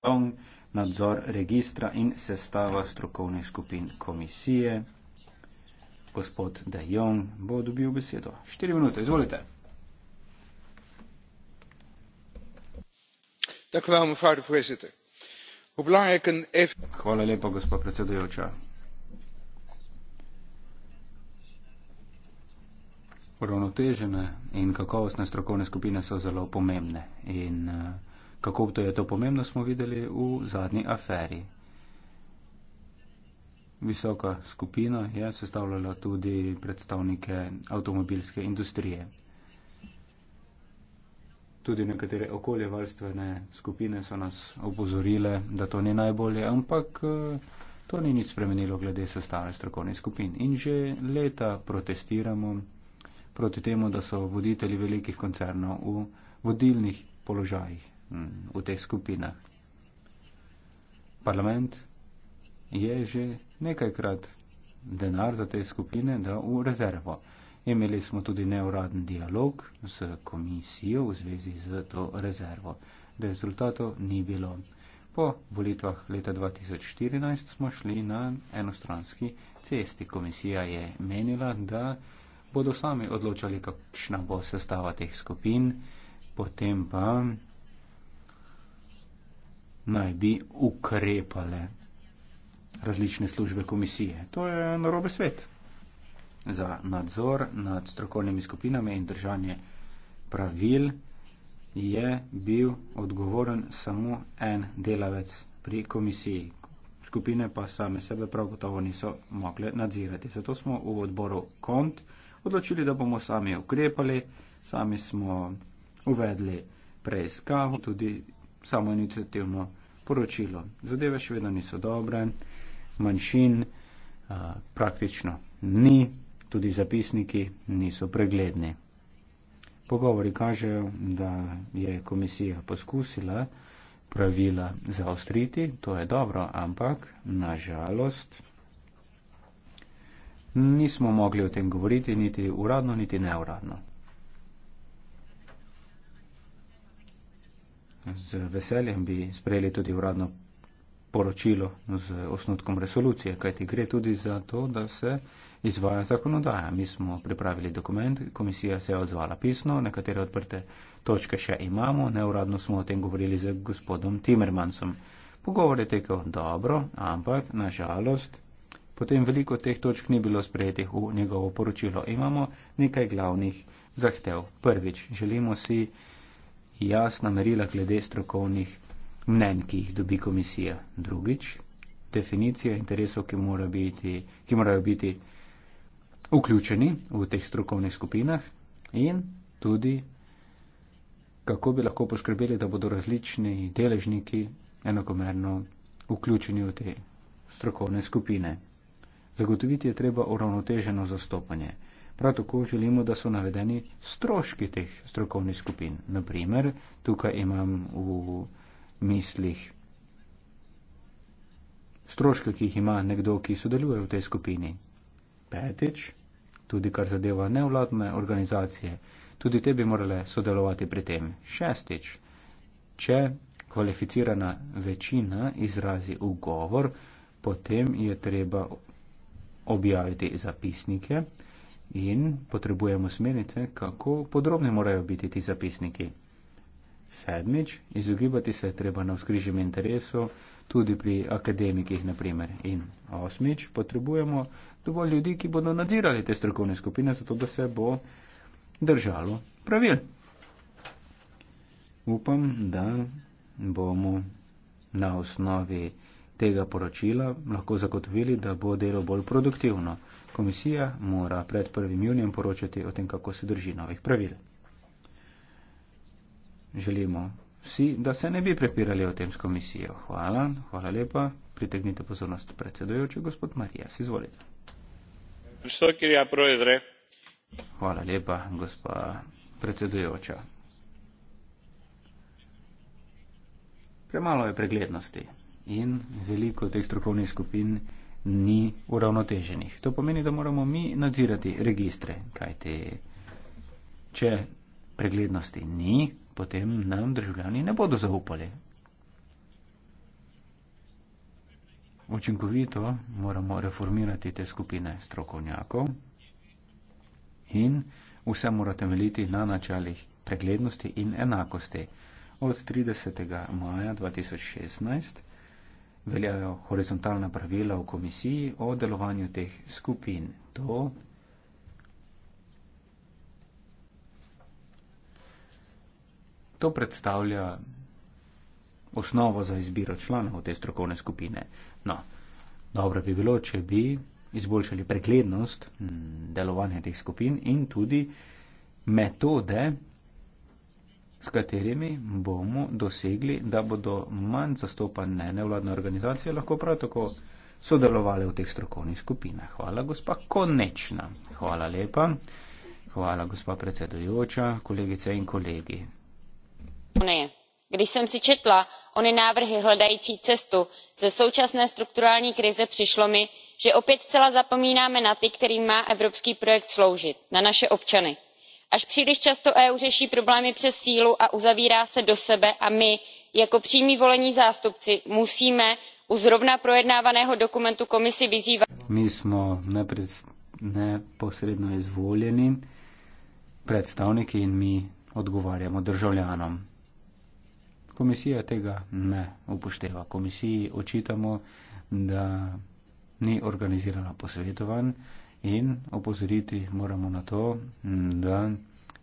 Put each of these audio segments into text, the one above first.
strokovni nadzor registra in sestava strokovnih skupin komisije. Gospod De Jong bo dobil besedo. Štiri minute, izvolite. Hvala lepa, gospod predsedujoča. Uravnotežene in kakovostne strokovne skupine so zelo pomembne in eh, Kako to je to pomembno, smo videli v zadnji aferi. Visoka skupina je sestavljala tudi predstavnike avtomobilske industrije. Tudi nekatere okoljevarstvene skupine so nas opozorile, da to ni najbolje, ampak eh, to ni nič spremenilo glede sestave strokovnih skupin. In že leta protestiramo proti temu, da so voditelji velikih koncernov v vodilnih položajih Mm, v teh skupinah. Parlament je že nekajkrat denar za te skupine dal v rezervo. Imeli smo tudi neuraden dialog z komisijo v zvezi z to rezervo. Rezultatov ni bilo. Po volitvah leta 2014 smo šli na enostranski cesti. Komisija je menila, da bodo sami odločali, kakšna bo sestava teh skupin, potem pa naj bi ukrepale različne službe komisije. To je narobe svet za nadzor nad strokovnimi skupinami in držanje pravil je bil odgovoren samo en delavec pri komisiji. Skupine pa same sebe prav gotovo niso mogle nadzirati. Zato smo v odboru KONT odločili, da bomo sami ukrepali, sami smo uvedli preiskavo, tudi samo inicijativno sporočilo. Zadeve še vedno niso dobre, manjšin uh, praktično ni, tudi zapisniki niso pregledni. Pogovori kažejo, da je komisija poskusila pravila zaostriti, to je dobro, ampak nažalost nismo mogli o tem govoriti niti uradno, niti neuradno. z veseljem bi sprejeli tudi uradno poročilo z osnutkom resolucije, kajti gre tudi za to, da se izvaja zakonodaja. Mi smo pripravili dokument, komisija se je odzvala pisno, nekatere odprte točke še imamo, neuradno smo o tem govorili z gospodom Timmermansom. Pogovor je tekel dobro, ampak nažalost potem veliko teh točk ni bilo sprejetih v njegovo poročilo. Imamo nekaj glavnih zahtev. Prvič, želimo si jasna merila glede strokovnih mnenj, ki jih dobi komisija. Drugič, definicija interesov, ki, mora biti, ki morajo biti vključeni v teh strokovnih skupinah in tudi, kako bi lahko poskrbeli, da bodo različni deležniki enakomerno vključeni v te strokovne skupine. Zagotoviti je treba uravnoteženo zastopanje. Prav tako želimo, da so navedeni stroški teh strokovnih skupin. Naprimer, tukaj imam v mislih stroške, ki jih ima nekdo, ki sodeluje v tej skupini. Petič, tudi kar zadeva nevladne organizacije, tudi te bi morale sodelovati pri tem. Šestič, če kvalificirana večina izrazi ugovor, potem je treba objaviti zapisnike. In potrebujemo smernice, kako podrobne morajo biti ti zapisniki. Sedmič, izogibati se je treba na vzkrižjem interesu, tudi pri akademikih, naprimer. In osmič, potrebujemo dovolj ljudi, ki bodo nadzirali te strokovne skupine, zato da se bo držalo pravil. Upam, da bomo na osnovi tega poročila lahko zagotovili, da bo delo bolj produktivno. Komisija mora pred 1. junijem poročati o tem, kako se drži novih pravil. Želimo vsi, da se ne bi prepirali o tem s komisijo. Hvala, hvala lepa. Pritegnite pozornost predsedujoči, gospod Marijas, izvolite. Hvala lepa, gospa predsedujoča. Premalo je preglednosti in veliko teh strokovnih skupin ni uravnoteženih. To pomeni, da moramo mi nadzirati registre, kajte če preglednosti ni, potem nam državljani ne bodo zaupali. Učinkovito moramo reformirati te skupine strokovnjakov in vse mora temeljiti na načalih preglednosti in enakosti. Od 30. maja 2016 veljajo horizontalna pravila v komisiji o delovanju teh skupin. To To predstavlja osnovo za izbiro članov te strokovne skupine. No, dobro bi bilo, če bi izboljšali preglednost mm, delovanja teh skupin in tudi metode s katerimi bomo dosegli, da bodo manj zastopane nevladne organizacije lahko prav tako sodelovali v teh strokovnih skupinah. Hvala, gospa Konečna. Hvala lepa. Hvala, gospa predsedujoča, kolegice in kolegi. Ne. Když jsem si četla ony návrhy hledající cestu ze současné strukturální krize, přišlo mi, že opět zcela zapomínáme na ty, kterým má evropský projekt sloužit, na naše občany až příliš často eu řeší problémy přes sílu a uzavírá se do sebe a my jako přímí volení zástupci musíme u zrovna projednávaného dokumentu komisi vyzývat. my jsme nepřiz... neposredno izvoljeni predstavniki in mi odgovarjamo državljanom. Komisija tega ne upošteva. Komisiji očitamo, da ni organizirala posvetovanj, In opozoriti moramo na to, da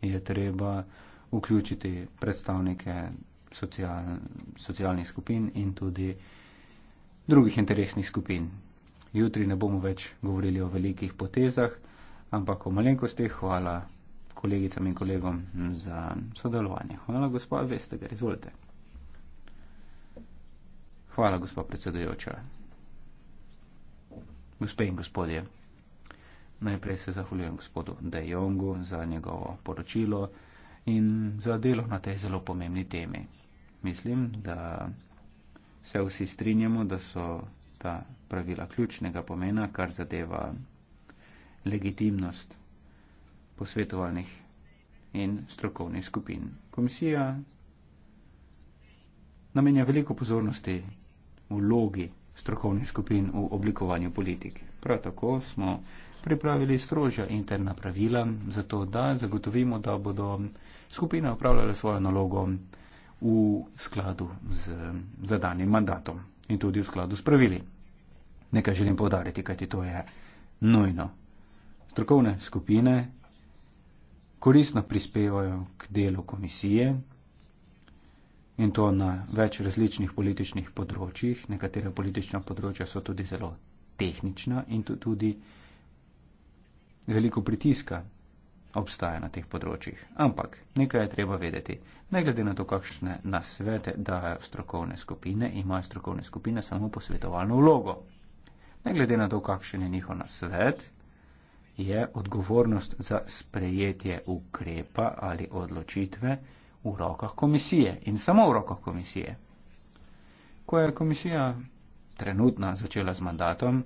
je treba vključiti predstavnike social, socialnih skupin in tudi drugih interesnih skupin. Jutri ne bomo več govorili o velikih potezah, ampak o malenkostih. Hvala kolegicam in kolegom za sodelovanje. Hvala, gospod Vestega. Izvolite. Hvala, gospod predsedujoča. Gospe in gospodje. Najprej se zahvaljujem gospodu De Jongu za njegovo poročilo in za delo na tej zelo pomembni temi. Mislim, da se vsi strinjamo, da so ta pravila ključnega pomena, kar zadeva legitimnost posvetovalnih in strokovnih skupin. Komisija namenja veliko pozornosti vlogi strokovnih skupin v oblikovanju politik. Prav tako smo pripravili strožja interna pravila, zato da zagotovimo, da bodo skupine upravljale svojo nalogo v skladu z zadanim mandatom in tudi v skladu s pravili. Nekaj želim povdariti, kajti to je nujno. Strokovne skupine koristno prispevajo k delu komisije in to na več različnih političnih področjih. Nekatera politična področja so tudi zelo tehnična in tudi veliko pritiska obstaja na teh področjih. Ampak nekaj je treba vedeti. Ne glede na to, kakšne nasvete dajo strokovne skupine, imajo strokovne skupine samo posvetovalno vlogo. Ne glede na to, kakšen je njihov nasvet, je odgovornost za sprejetje ukrepa ali odločitve v rokah komisije in samo v rokah komisije. Ko je komisija trenutna začela z mandatom,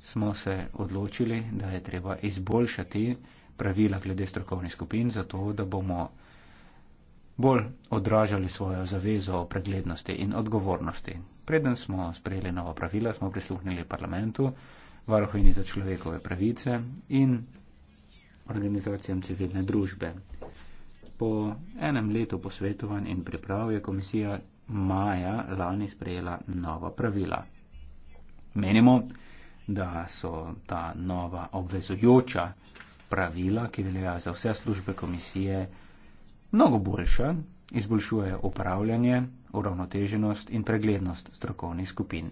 smo se odločili, da je treba izboljšati pravila glede strokovnih skupin, zato da bomo bolj odražali svojo zavezo o preglednosti in odgovornosti. Preden smo sprejeli novo pravila, smo prisluhnili parlamentu, varohini za človekove pravice in organizacijam civilne družbe. Po enem letu posvetovanj in priprav je komisija maja lani sprejela nova pravila. Menimo, da so ta nova obvezujoča pravila, ki velja za vse službe komisije, mnogo boljša, izboljšuje upravljanje, uravnoteženost in preglednost strokovnih skupin.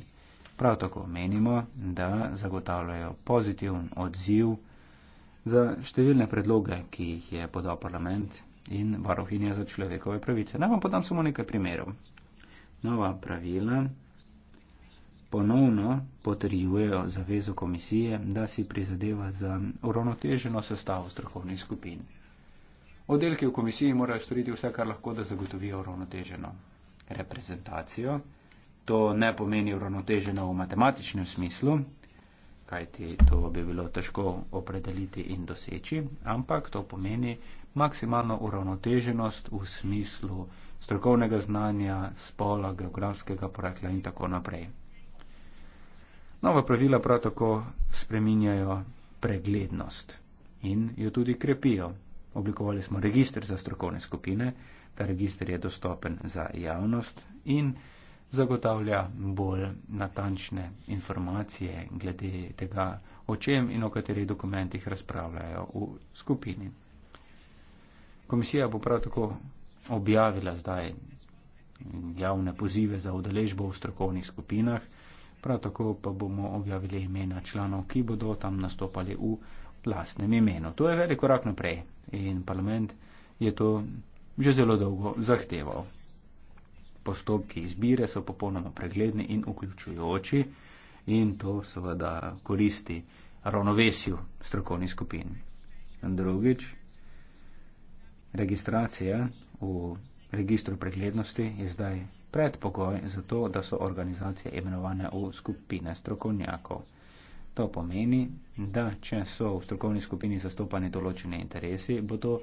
Prav tako menimo, da zagotavljajo pozitiven odziv za številne predloge, ki jih je podal parlament in varohinja za človekove pravice. Naj vam podam samo nekaj primerov. Nova pravila ponovno potrjujejo zavezo komisije, da si prizadeva za uravnoteženo sestavo strokovnih skupin. Oddelki v komisiji morajo storiti vse, kar lahko, da zagotovijo uravnoteženo reprezentacijo. To ne pomeni uravnoteženo v matematičnem smislu, kajti to bi bilo težko opredeliti in doseči, ampak to pomeni maksimalno uravnoteženost v smislu strokovnega znanja, spola, geografskega porekla in tako naprej. Nova pravila prav tako spreminjajo preglednost in jo tudi krepijo. Oblikovali smo registr za strokovne skupine, ta registr je dostopen za javnost in zagotavlja bolj natančne informacije glede tega, o čem in o katerih dokumentih razpravljajo v skupini. Komisija bo prav tako objavila zdaj javne pozive za udeležbo v strokovnih skupinah prav tako pa bomo objavili imena članov, ki bodo tam nastopali v lastnem imenu. To je velik korak naprej in parlament je to že zelo dolgo zahteval. Postopki izbire so popolnoma pregledni in vključujoči in to seveda koristi ravnovesju strokovnih skupin. Drugič, registracija v registru preglednosti je zdaj predpogoj za to, da so organizacije imenovane v skupine strokovnjakov. To pomeni, da če so v strokovni skupini zastopani določeni interesi, bo to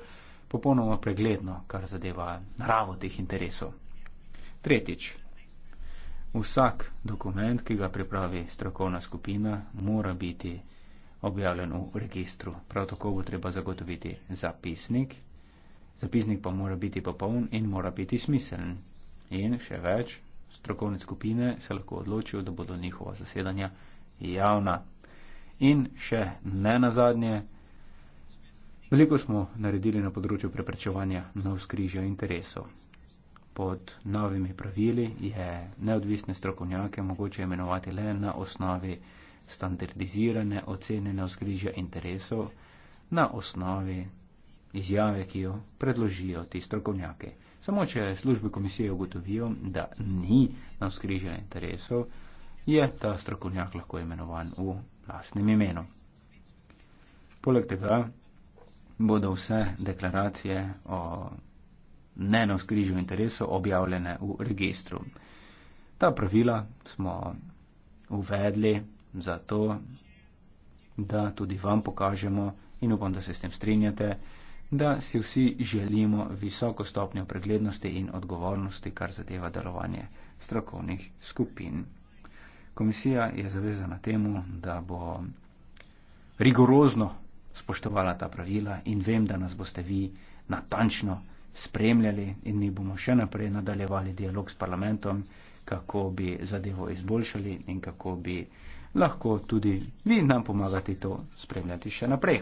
popolnoma pregledno, kar zadeva naravo teh interesov. Tretjič. Vsak dokument, ki ga pripravi strokovna skupina, mora biti objavljen v registru. Prav tako bo treba zagotoviti zapisnik. Zapisnik pa mora biti popoln in mora biti smiseln. In še več, strokovne skupine se lahko odločijo, da bodo njihova zasedanja javna. In še ne nazadnje, veliko smo naredili na področju preprečevanja navskrižja interesov. Pod novimi pravili je neodvisne strokovnjake mogoče imenovati le na osnovi standardizirane ocene navskrižja interesov, na osnovi izjave, ki jo predložijo ti strokovnjaki. Samo če službe komisije ugotovijo, da ni na skrižju interesov, je ta strokovnjak lahko imenovan v lastnem imenu. Poleg tega bodo vse deklaracije o ne na skrižju interesov objavljene v registru. Ta pravila smo uvedli zato, da tudi vam pokažemo in upam, da se s tem strinjate da si vsi želimo visoko stopnjo preglednosti in odgovornosti, kar zadeva delovanje strokovnih skupin. Komisija je zavezana temu, da bo rigorozno spoštovala ta pravila in vem, da nas boste vi natančno spremljali in mi bomo še naprej nadaljevali dialog s parlamentom, kako bi zadevo izboljšali in kako bi lahko tudi vi nam pomagati to spremljati še naprej.